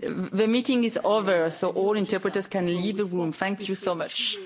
the meeting is over so all interpreters can leave the room thank you so much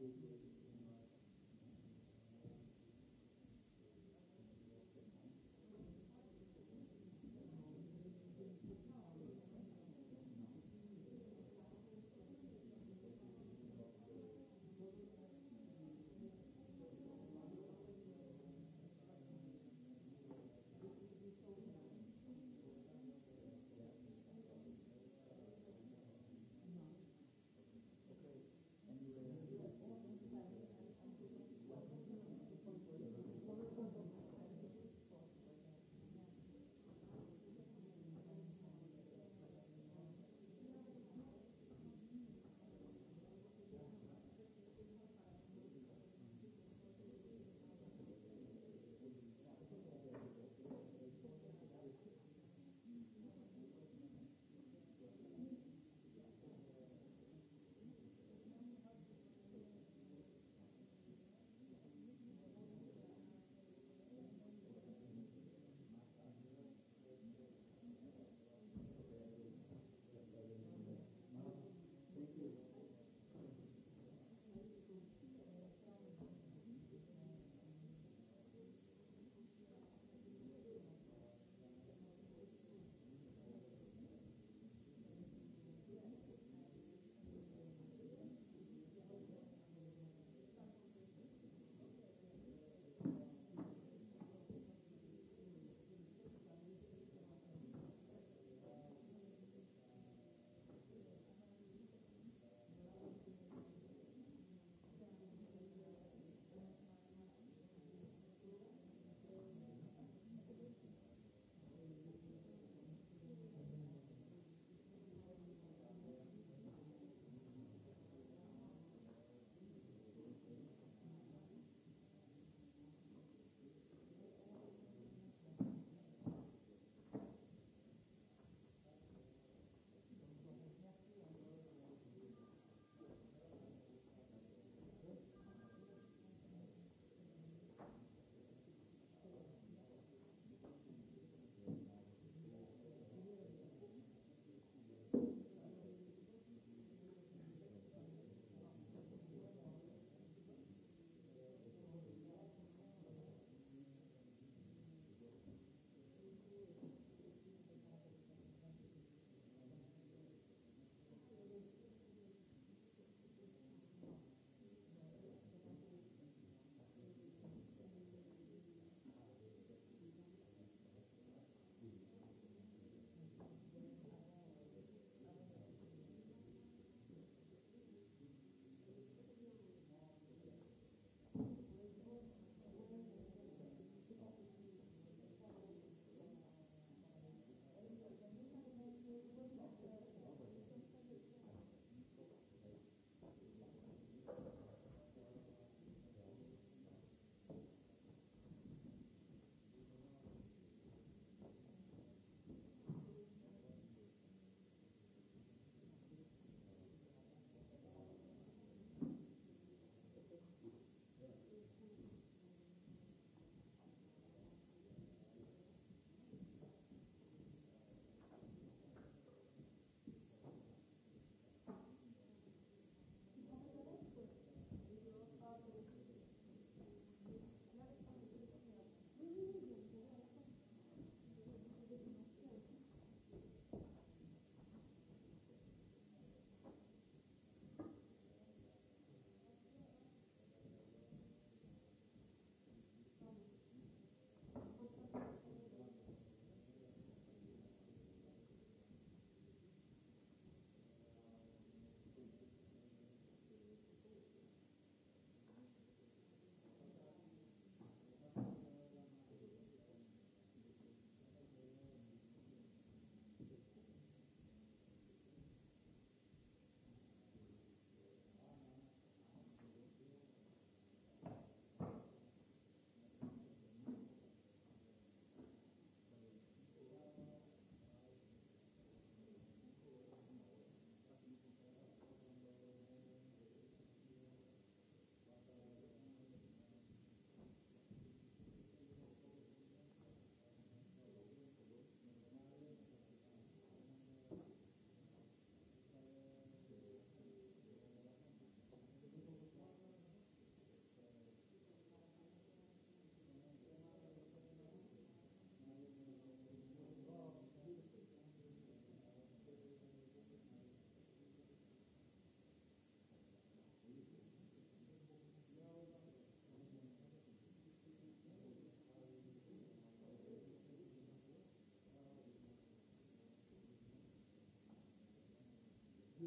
Υπότιτλοι AUTHORWAVE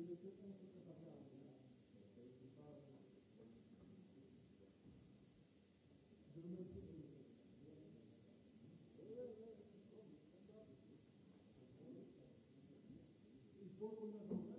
Υπότιτλοι AUTHORWAVE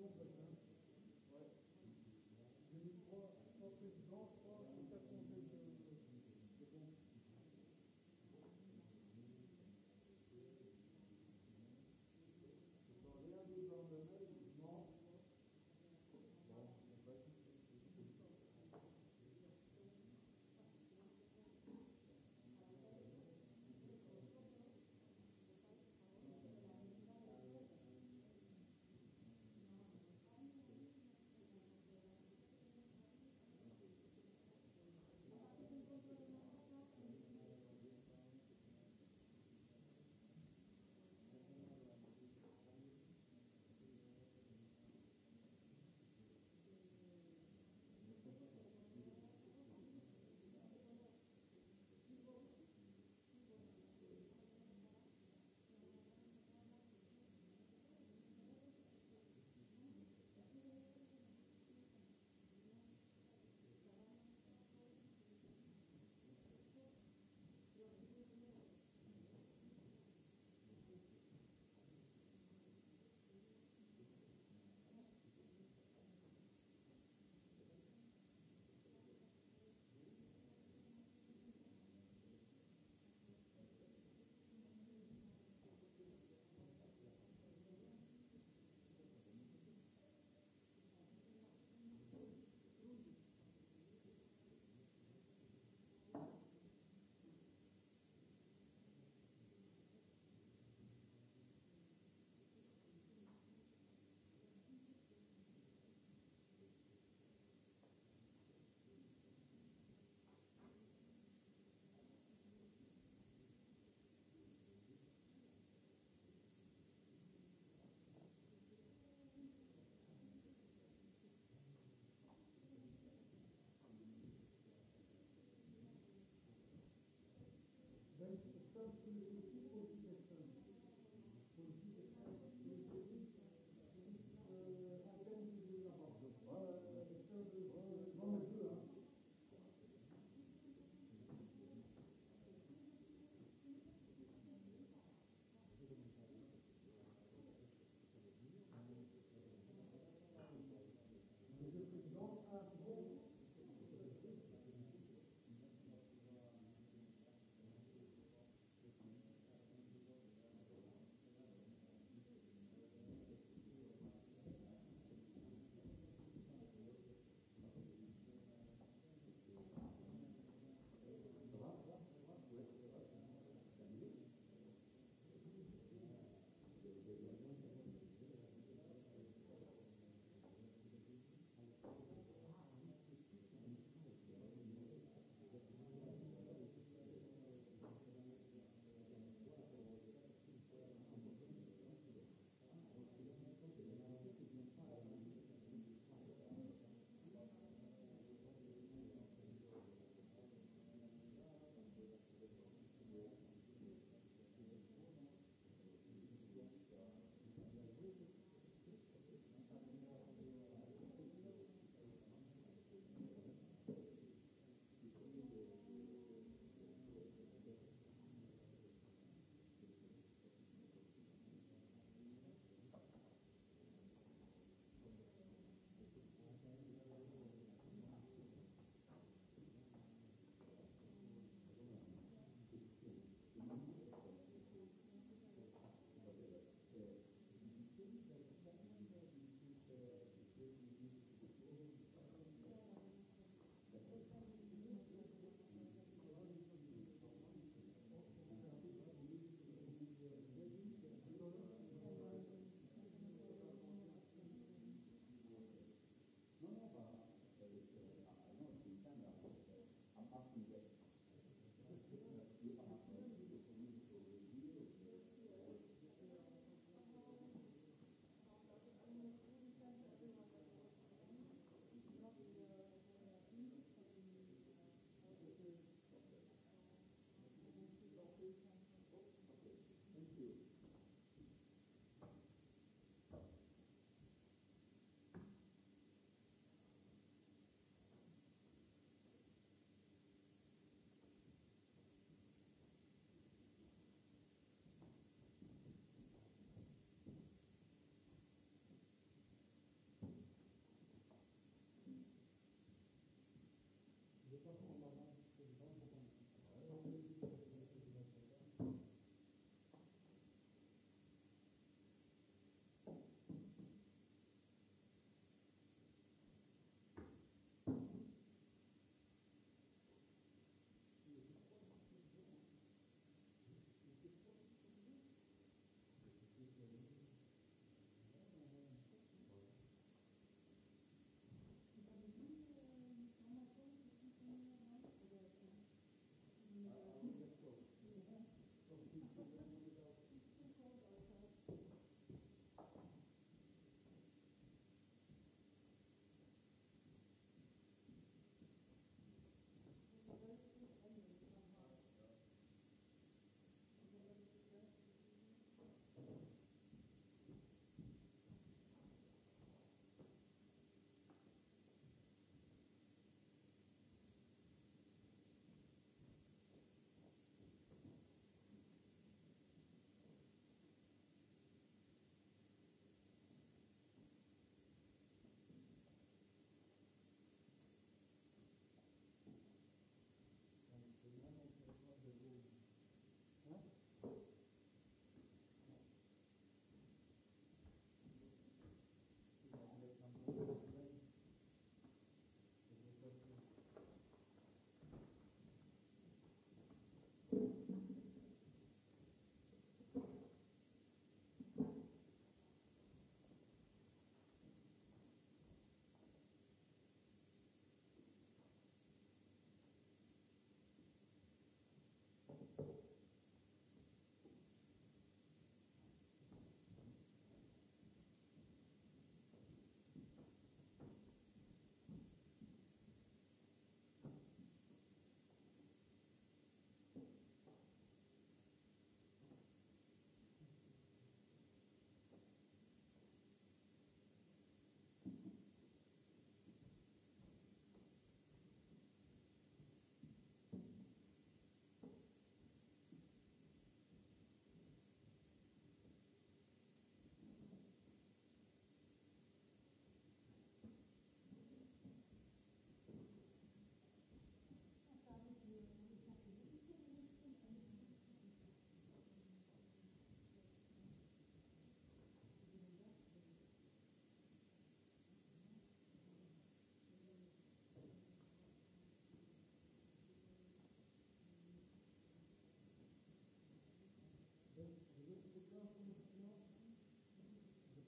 Υπότιτλοι AUTHORWAVE Thank you.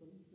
Gracias.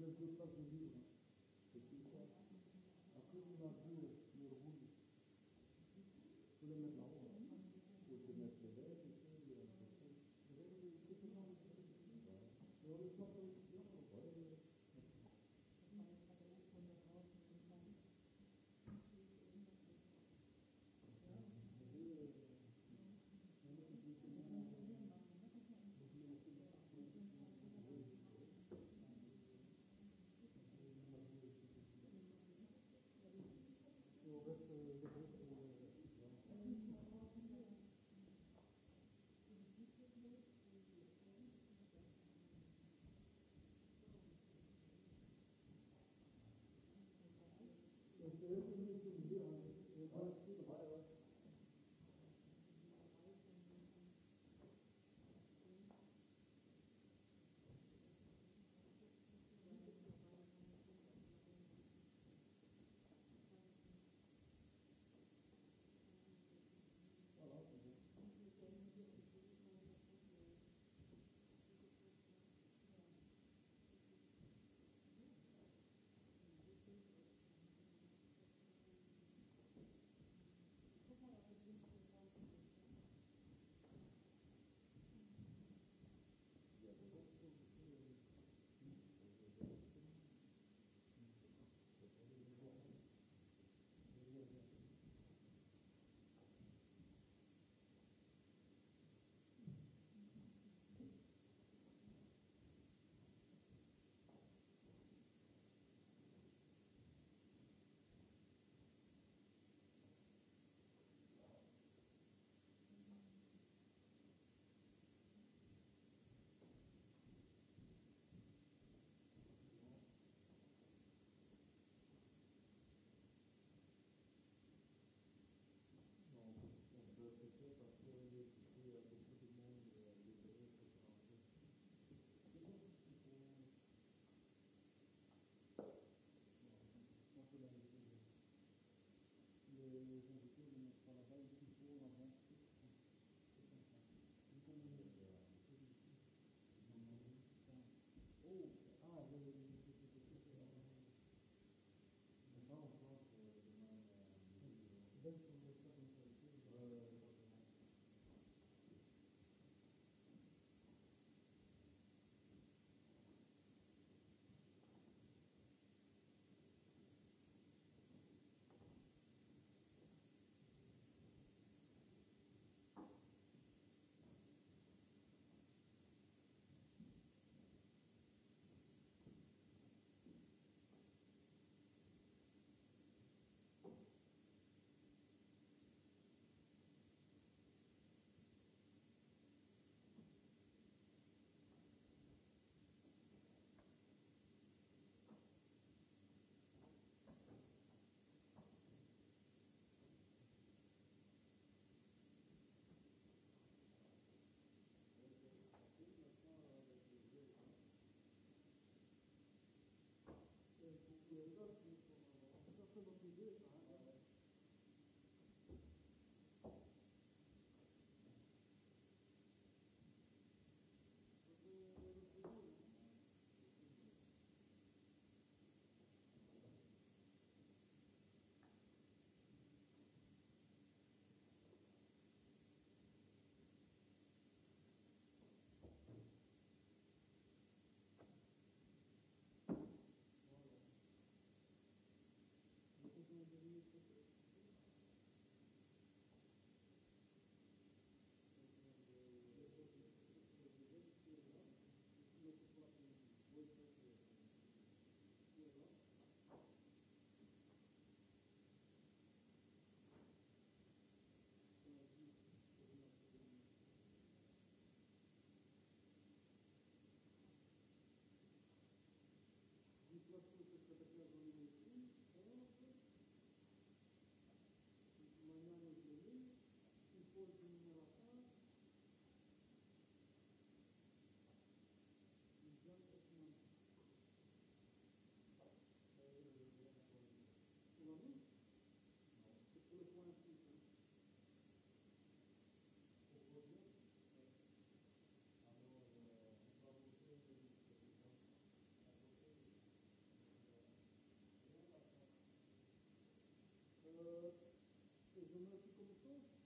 Και εγώ δεν το είχα δει, δεν το είχα δει. Ακόμα να δει, δεν το είχα Του λέμε τα του λέμε τα δεύτερα, του λέμε τα δεύτερα. Εγώ δεν το είχα δει. Αυτό το οποίο να πει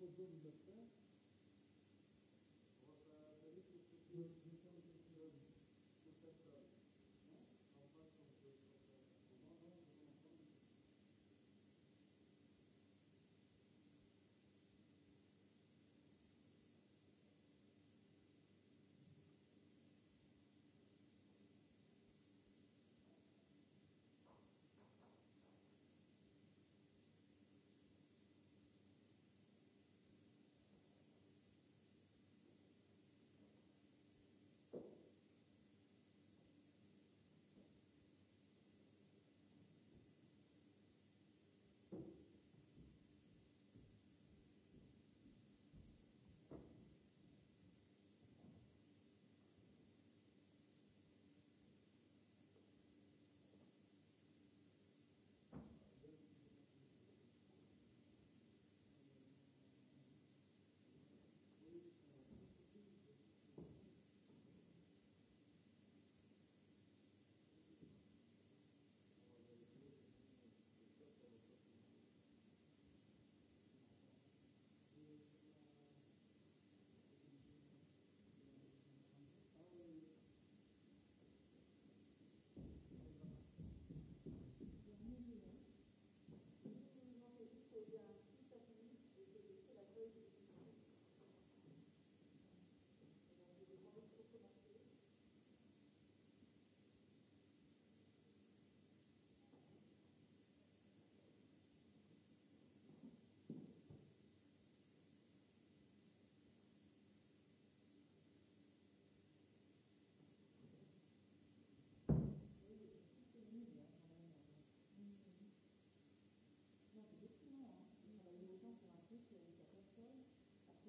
Ευχαριστώ.